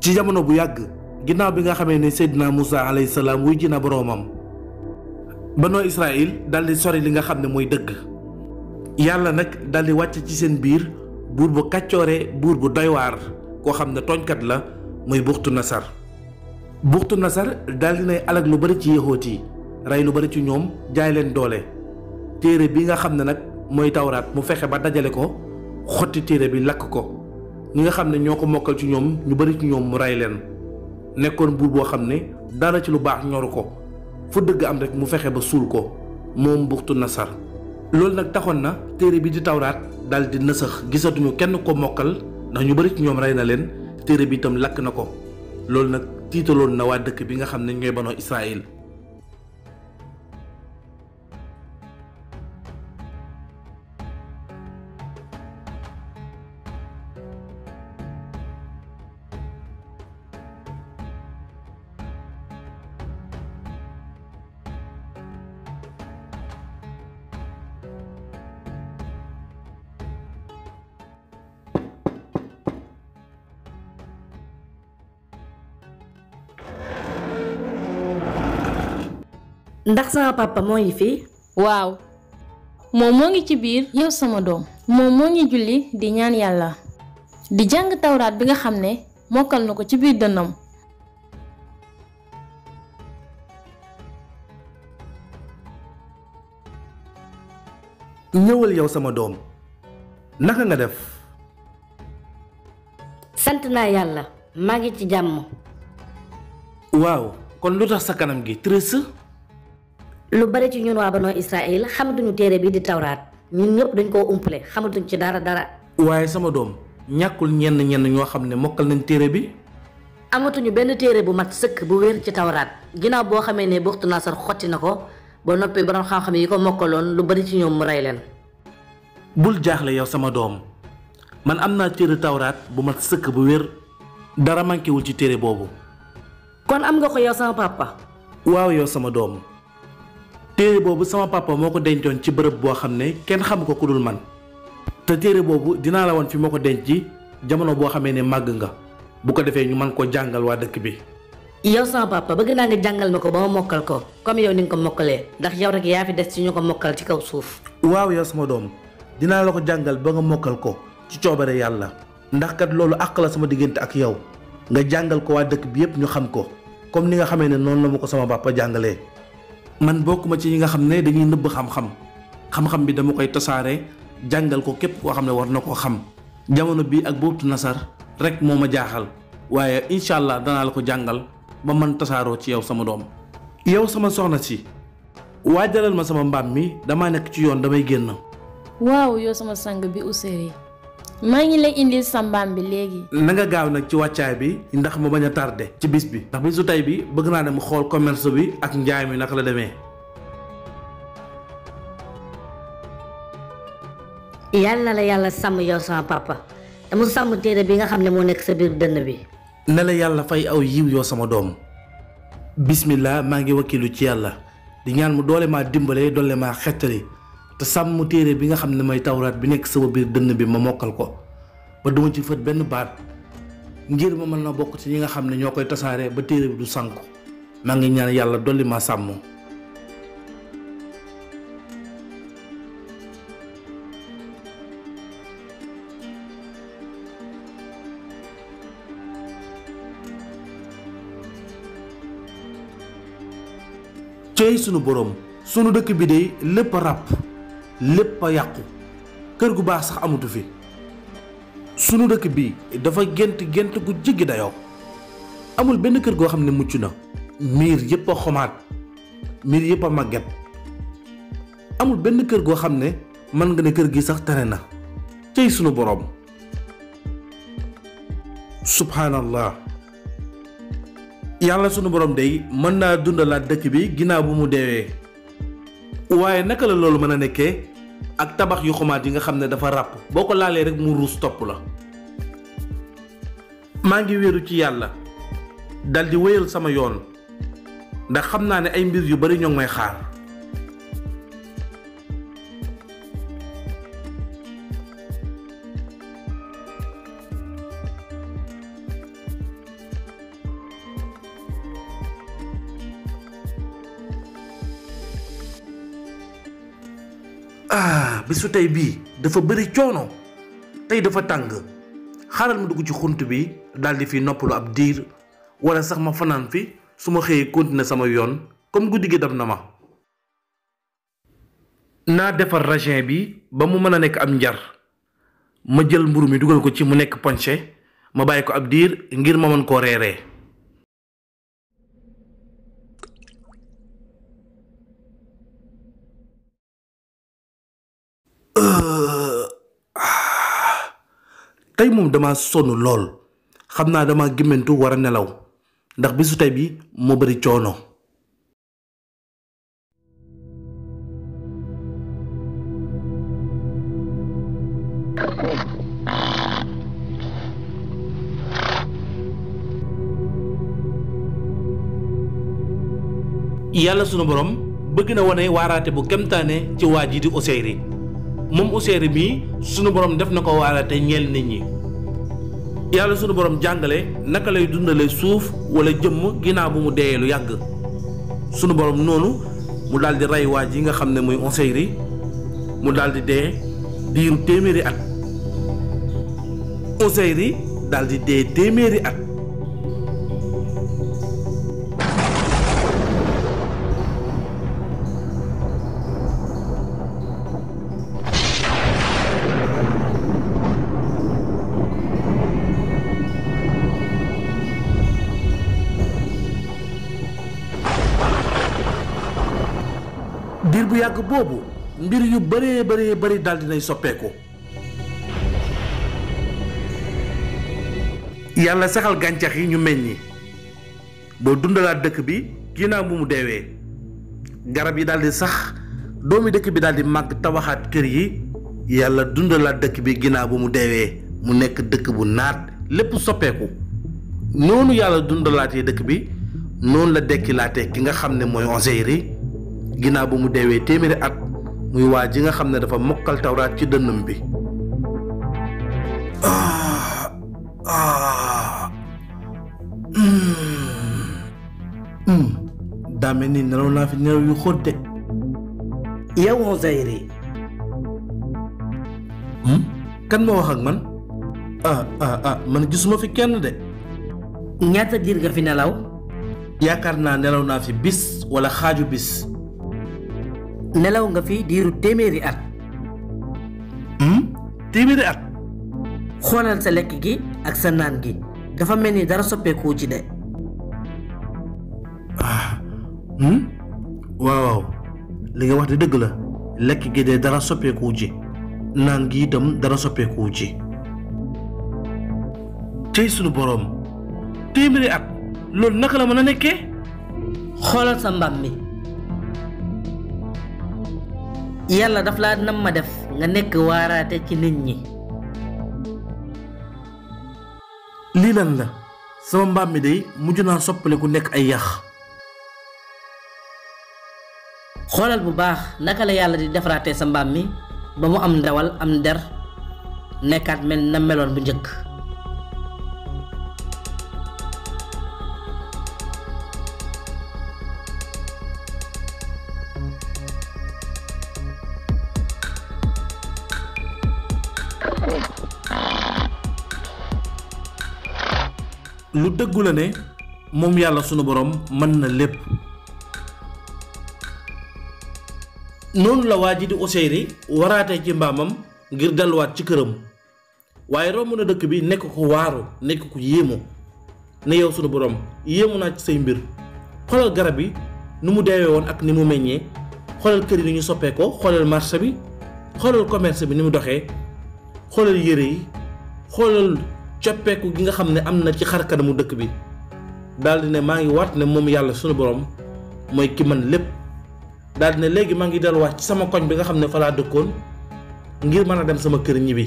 ci jamono bu yàgg ginnaaw bi nga xamee ne sedd naa Moussa alayhi salaam wuy ji na boroomam banoo Israël dal di sori li nga xam ne mooy dëgg yàlla nag daldi wàcc ci seen biir buur bu kàccoore buur bu doywaar koo xam ne tooñkat la muy buxtu nasar buxtu nasar dal di nay alag lu bari ci yéexoot yi rey lu bari ci ñoom jaay leen doole téere bi nga xam ne nag mooy tawraat mu fexe ba dajale ko xotti téere bi lakk ko ñi nga xam ne ñoo ko mokkal ci ñoom ñu bari ci ñoom mu rey leen nekkoon buur boo xam ne dara ci lu baax ñoru ko fu dëgg am rek mu fexe ba suul ko moom buxtu nasar loolu nag taxoon na téere bi di tawraat daal di nësax gisatuñu kenn ko mokkal ndax ñu bari ci ñoom rey na leen téere bi itam lakk na ko loolu nag tiitaloon na waa dëkk bi nga xam ne ñooy banoo Israël ndax sama papa moo ngi fi. waaw moom moo ngi ci biir yow sama doom moom moo ngi julli di ñaan yàlla di jàng tawraat bi nga xam ne mokkal na ko ci biir dënnam ñëwal yow sama doom naka nga def sant naa yàlla maa ngi ci jàmm waaw kon lu tax sa kanam gi triste lu bari ci ñun waa banoo Israël xamatuñu téere bi di tawraat ñun ñëpp dañ koo umpale xamatuñ ci dara dara. waaye sama doom ñàkkul ñenn ñenn ñoo xam ne mokkal nañ téere bi. amatuñu benn téere bu mat sëkk bu wér ci tawraat ginnaaw boo xamee ne buxtu nasar xotti na ko ba noppi borom xam-xam yi ko mokkaloon lu bari ci ñoom mu rey leen. bul jaaxle yow sama doom man am naa téere tawraat bu mat sëkk bu wér dara manqué wul ci téere boobu. kon am nga ko waaw yow sama doom. téere boobu sama papa moo ko dencoon ci bërëb boo xam ne kenn xam ko ku dul man te téere boobu dinaa la woon fi moo ko denc jamono boo xamee ne màgg nga bu ko defee ñu mën koo jàngal waa dëkk bi. yow sama papa bëgg naa nga jàngal ma ko ba ma mokkal ko comme yow ni nga ko mokkalee ndax yow rek yaa fi des ci ñu ko mokkal ci kaw suuf. waaw yow sama doom dinaa la ko jàngal ba nga mokkal ko ci coobare yàlla ndax kat loolu àq la sama diggante ak yow nga jàngal ko waa dëkk bi yépp ñu xam ko comme ni nga xamee ne noonu la ma sama papa jàngalee. man bokk ma ci ñi nga xam ne dañuy nëbb xam-xam xam-xam bi dama koy tasaare jàngal ko képp koo xam ne war na ko xam jamono bii ak boobu nasar rekk moo ma jaaxal waaye incha allah danaa la ko jàngal ba man tasaaroo ci yow sama doom. yow sama soxna si waa waajalal ma sama mbaam mi damaa nekk ci yoon damay génn. waaw yow sama sang bi Ousseyri maa ngi lay indil sa bi léegi. nanga gaaw nag ci wàccaay bi ndax mu bañ a tardé ci bis bi ndax bisu tey bi bëgg naa dem xool commerce bi ak njaay mi naka la demee. yàlla la yàlla sàmm yow sama papa dama sàmm téere bi nga xam ne moo nekk sa biir dënn bi. ne la yàlla fay aw yiw yoo sama doom. bismillah maa ngi wakkilu ci yàlla di ñaan mu doole maa dimbalee doole maa xettali. te sàmm téere bi nga xam ne mooy tawraat bi nekk sama biir dënn bi ma mokkal ko ba duma ci benn baat ngir ma mën na bokk ci ñi nga xam ne ñoo koy tasaare ba téere bi du sànku maa ngi ñaan yàlla dolli maa sàmm cey sunu boroom sunu dëkk bi de lépp ràpp lépp a yàqu kër gu baax sax amatu fi sunu dëkk bi dafa gént gént gu jéggi dayoo amul benn kër goo xam ne mucc na miir yëpp a xomaat miir yépp a màgget amul benn kër goo xam ne mën nga ne kër gi sax tere na cey sunu boroom subhaanallah yàlla sunu boroom day mën naa dundalaat dëkk bi ginnaaw bu mu deewee waaye naka la loolu mën a nekkee ak tabax yu xumaat yi nga xam ne dafa ràpp boo ko laalee rek mu ruus topp la maa ngi wéeru ci yàlla dal di wéyal sama yoon ndax xam naa ne ay mbir yu bari ñoo ngi may xaar ah bisu tey bii dafa bëri coono tey dafa tàng xaaral ma dugg ci xunt bi dal di fi noppalu ab diir wala sax ma fanaan fi su ma xëyee continuer sama yoon comme guddi gi dab na ma. naa defar raisin bi ba mu mën a nekk am njar ma jël mburu mi dugal ko ci mu nekk ponché ma bàyyi ko ab diir ngir ma mën koo reeree. tey moom dama sonn lool xam naa dama gémmantu war a nelaw ndax bisu tey bi moo bari coono yàlla sunu boroom bëgg na wane waaraate bu kemtaane ci waa ji di Ousseyri moom Ousseynou bii sunu borom def na ko waala te ñeel nit ñi yàlla sunu borom jàngale naka lay dundale suuf wala jëmm ginnaaw bu mu deeyee lu yàgg sunu borom noonu mu daldi di rey ji nga xam ne muy Ousseynou mu daldi dee diiru téeméeri at Ousseynou daldi dee téeméeri at. yàgg boobu mbir yu bëree bëree bëri daldi dinay soppeeku yàlla sexal gàncax yi ñu meññi boo dundalaat dëkk bi ginnaaw bu mu deewee garab yi daldi sax doomi dëkk bi daal di màgg tabaxaat kër yi yàlla dundalaat dëkk bi ginnaaw bu mu deewee mu nekk dëkk bu naat lépp soppeeku noonu yàlla dundalaatee dëkk bi noonu la dekkilaatee ki nga xam ne mooy Ozeyri ginnaaw bu mu deewee téeméeri at muy waa ji nga xam ne dafa mokkal tawraat ci dënnam bi daa mel ni nelaw naa fi nelaw yu xóot de yow Ouzeyri hmm? kan moo wax ak man ah ah ah fi kenn de ñaata diir nga fi nelaw yaakaar naa nelaw naa fi bis wala xaaju bis nelaw nga fi diiru téeméeri at. Hmm? téeméeri at. xoolal sa lekk gi ak sa naan gi dafa mel ni dara soppeeku ci de. ah. Hmm? waaw waaw li nga wax de dëgg la lekk gi de dara soppeeku ji naan gi itam dara soppeeku ci. tey sunu boroom téeméeri at loolu naka la mën a nekkee. xoolal sa mbaam mi. yàlla daf laa nam ma def nga nekk waaraate ci nit ñi lii lan la sama mbaam mi day mujj naa soppaleku nekk ay yax xoolal bu baax naka la yàlla di defaraate sa mbaam mi ba mu am ndawal am der nekkaat mel na meloon bu njëkk lu dëggu ne moom yàlla sunu boroom mën na lépp noonu la waa ji di Useyri waraatee ci mbaamam ngir delluwaat ci këram waaye romb na dëkk bi nekk ko waaru nekk ko yéemu ne yow sunu boroom yéemu naa ci say mbir xoolal garab yi nu mu deewee woon ak ni mu meññee xoolal kër yi ni ñu soppee xoolal marché bi xoolal commerce bi ni mu doxee xoolal yére yi xoolal coppeeku gi nga xam ne am na ci xar kanamu dëkk bi daal ne maa ngi waat ne moom yàlla sunu borom mooy ki man lépp daal di ne léegi maa ngi delluwaat ci sama koñ bi nga xam ne falaa laa dëkkoon ngir mën a dem sama kër ñibbi.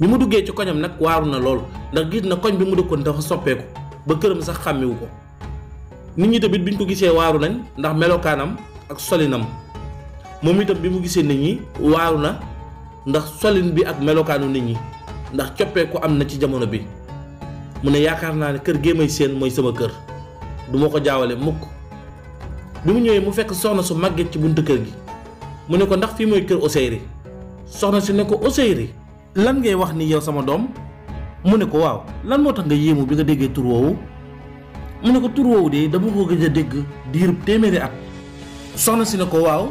bi mu duggee ci koñam nag waaru na lool ndax gis na koñ bi mu dëkkoon dafa soppeeku ba këram sax xàmmiwu ko nit ñi tamit biñ ko gisee waaru nañ ndax melokaanam. ak solinam moom itam bi mu gisee nit ñi waaru na ndax solin bi ak melokaanu nit ñi ndax coppeeku am na ci jamono bi mu ne yaakaar naa ne kër gee may seen mooy sama kër du ma ko jaawale mukk bi mu ñëwee mu fekk soxna su màgget ci buntu kër gi mu ne ko ndax fii mooy kër Ousseyri soxna si ne ko Ousseyri lan ngay wax ni yow sama doom mu ne ko waaw lan moo tax nga yéemu bi nga déggee tur woowu mu ne ko tur woowu de dama ko gëj a dégg diirub téeméeri at soxna si ne ko waaw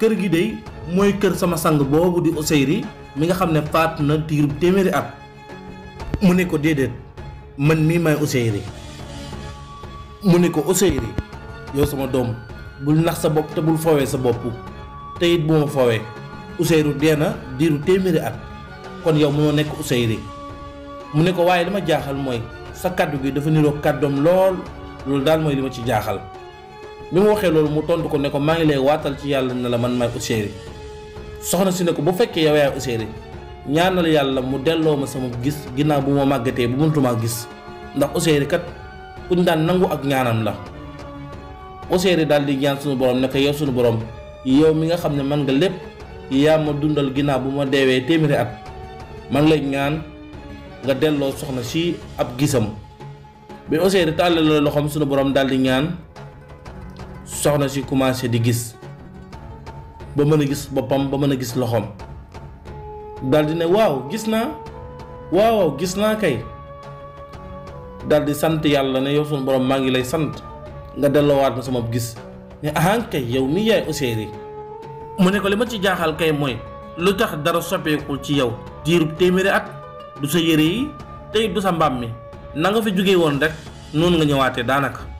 kër gi de mooy kër sama sang boobu di Ousseyri mi nga xam ne faatu na diirub téeméeri at mu ne ko déedéet man mii may Ousseyri mu ne ko Ousseyri yow sama doom bul nax sa bopp te bul foowee sa bopp te it bu ma foowee Ousseyri dee na diiru téeméeri at kon yow mënoo nekk Ousseyri mu ne ko waaye dama jaaxal mooy sa kàddu gi dafa niroo kàddoom lool loolu daal mooy li ma ci jaaxal bi mu waxee loolu mu tontu ko ne ko maa ngi lay waatal ci yàlla ne la man maay Ousseyri soxna si ne ko bu fekkee yow yaay Ousseyri ñaanal yàlla mu delloo ma sama gis ginnaaw bu ma màggatee bu mëntumaa gis ndax Ousseyri kat kuñ daan nangu ak ñaanam la Ousseyri daal di ñaan suñu borom ne ko yow suñu borom yow mi nga xam ne man nga lépp yaa ma dundal ginnaaw bu ma deewee téeméeri at man lay ñaan nga delloo soxna si ab gisam bi Ousseyri tàllal la loxoom suñu borom daal di ñaan soxna si commencé di gis ba mën a gis boppam ba mën a gis loxoom daldi ne waaw gis naa waaw waaw gis naa kay daldi sant yàlla ne yow sunu borom maa ngi lay sant nga delloowaat ma sama gis ne ahan kay yow mi yaay Ousseyri mu ne ko li ma ci jaaxal kay mooy lu tax dara soppeekul ci yow diirub téeméeri at du sa yére yi tey du sa mbaam mi na nga fi jóge woon rek noonu nga ñëwaatee daanaka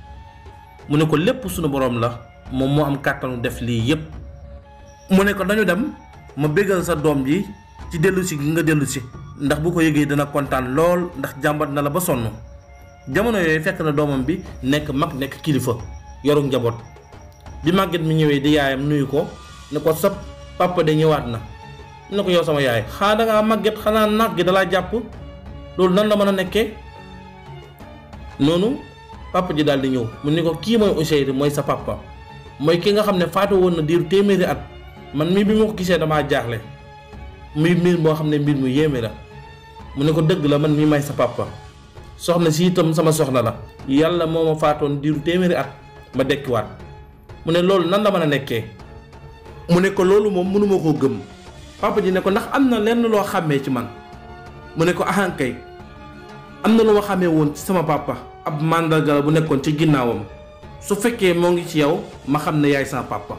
mu ne ko lépp sunu boroom la moom moo am kàttanu def lii yépp mu ne ko dañu dem ma béggal sa doom ji ci dellu si gi nga dellu ndax bu ko yëgee dina kontaan lool ndax jàmbat na la ba sonn jamono yooyu fekk na doomam bi nekk mag nekk kilifa yoru njaboot bi màgget mi ñëwee di yaayam nuyu ko ne ko sa papa de ñëwaat na ne ko yow sama yaay xaa dangaa màgget xanaa naat gi dalaa jàpp loolu nan la mën a nekkee noonu papa ji daal di ñëw mu ne ko kii mooy Ousseynou mooy sa papa mooy ki nga xam ne faatoo woon na diiru téeméeri at man mii bi ma ko gisee damaa jaaxle muy mbir moo xam ne mbir mu yéeme la mu ne ko dëgg la man mii may sa papa soxna si sama soxna la yàlla moo ma faatoon diiru téeméeri at ma dekkiwaat mu ne loolu nan la mën a nekkee mu ne ko loolu moom mënuma koo gëm papa ji ne ko ndax am na lenn loo xàmmee ci man mu ne ko ahankay am na lu ma xàmmee woon ci sama papa ab màndarga la bu nekkoon ci ginnaawam su fekkee moo ngi ci yow ma xam ne yaay sa papa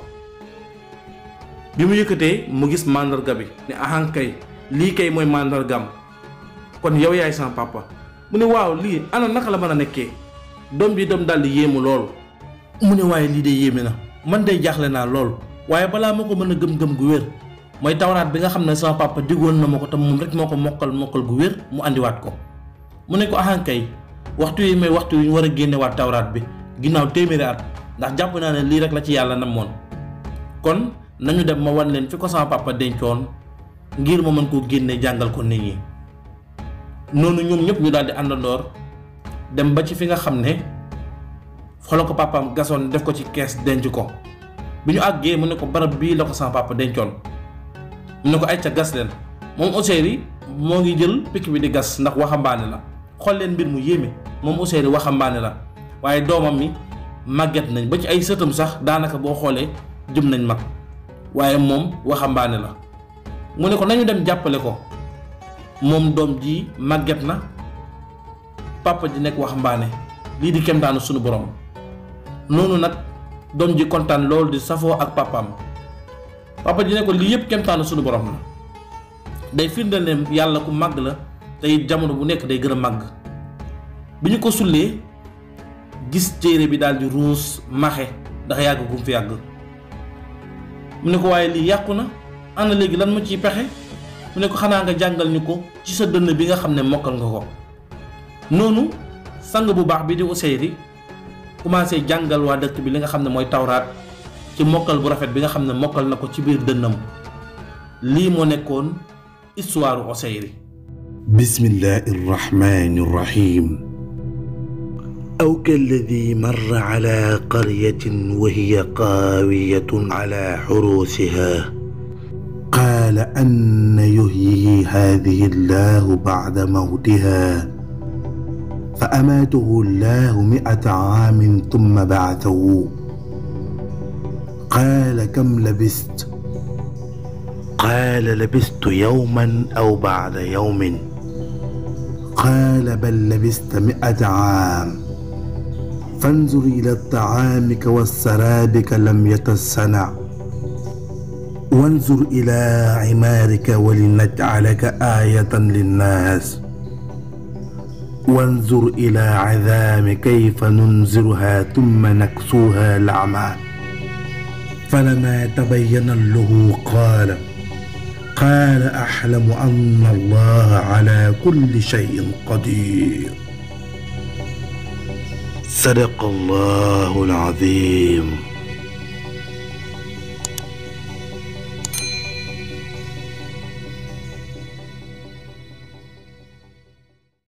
bi mu yëkkatee mu gis màndarga bi ne ahankay lii kay mooy màndargam kon yow yaay sa papa mu ne waaw lii ana naka la mën a nekkee doom bi dem daal di yéemu lool mu ne waaye lii de yéeme na man dey jaaxle naa lool waaye balaa ma ko mën a gëm-gëm gu wér mooy tawraat bi nga xam ne sama papa diggoon na ma ko tam moom rek moo ko mokkal mokkal gu wér mu andiwaat ko mu ne ko ahankay waxtu yi may waxtu yu ñu war a génnewaat waat tawraat bi ginnaaw téeméeri at ndax jàpp naa ne lii rek la ci yàlla na moon kon nañu dem ma wan leen fi ko sama papa dencoon ngir ma mën koo génne jàngal ko nit ñi noonu ñoom ñëpp ñu daal di àndandoor dem ba ci fi nga xam ne xoolal ko papaam gasoon def ko ci kees denc ko bi ñu àggee mu ne ko barab bii la ko sama papa dencoon mu ne ko ay ca gas leen moom Ousseyri moo ngi jël picc bi di gas ndax waxambaane la xool leen mbir mu yéeme. moom Ousseynou waxambaane la waaye doomam mi màgget nañ ba ci ay sëtam sax daanaka boo xoolee jëm nañ mag waaye moom waxambaane la mu ne ko nañu dem jàppale ko moom doom ji màgget na papa ji nekk waxambaane lii di kemtaanu sunu borom noonu nag doom ji kontaan loolu di safoo ak papaam papa ji ne ko lii yëpp kemtaanu sunu borom la day firndeel ne yàlla ku màgg la te jamono bu nekk day gën a màgg. bi ñu ko sullee gis téere bi daal di ruus maxe ndax yàgg gum fi yàgg mu ne ko waaye lii yàqu na na léegi lan mu ciy pexe mu ne ko xanaa nga jàngal ñu ko ci sa dënn bi nga xam ne mokkal nga ko noonu sang bu baax bi di Useyri commencé jàngal waa dëkk bi li nga xam ne mooy tawraat ci mokkal bu rafet bi nga xam ne mokkal na ko ci biir dënnam lii moo nekkoon histoire Useyri bismillahi rahmani rahim أو كالذي مر على قرية وهي قاوية على حروسها قال أن يحيي هذه الله بعد موتها فأماته الله مئة عام ثم بعثه قال كم لبثت قال لبثت يوما أو بعد يوم قال بل لبثت مئة عام فانظر إلى طعامك وسرابك لم يتصنع وانظر إلى عمارك ولنجعلك آية للناس وانظر إلى عذام كيف ننزرها ثم نكسوها لعما فلما تبين له قال قال أحلم أن الله على كل شيء قدير sadaqallahul azim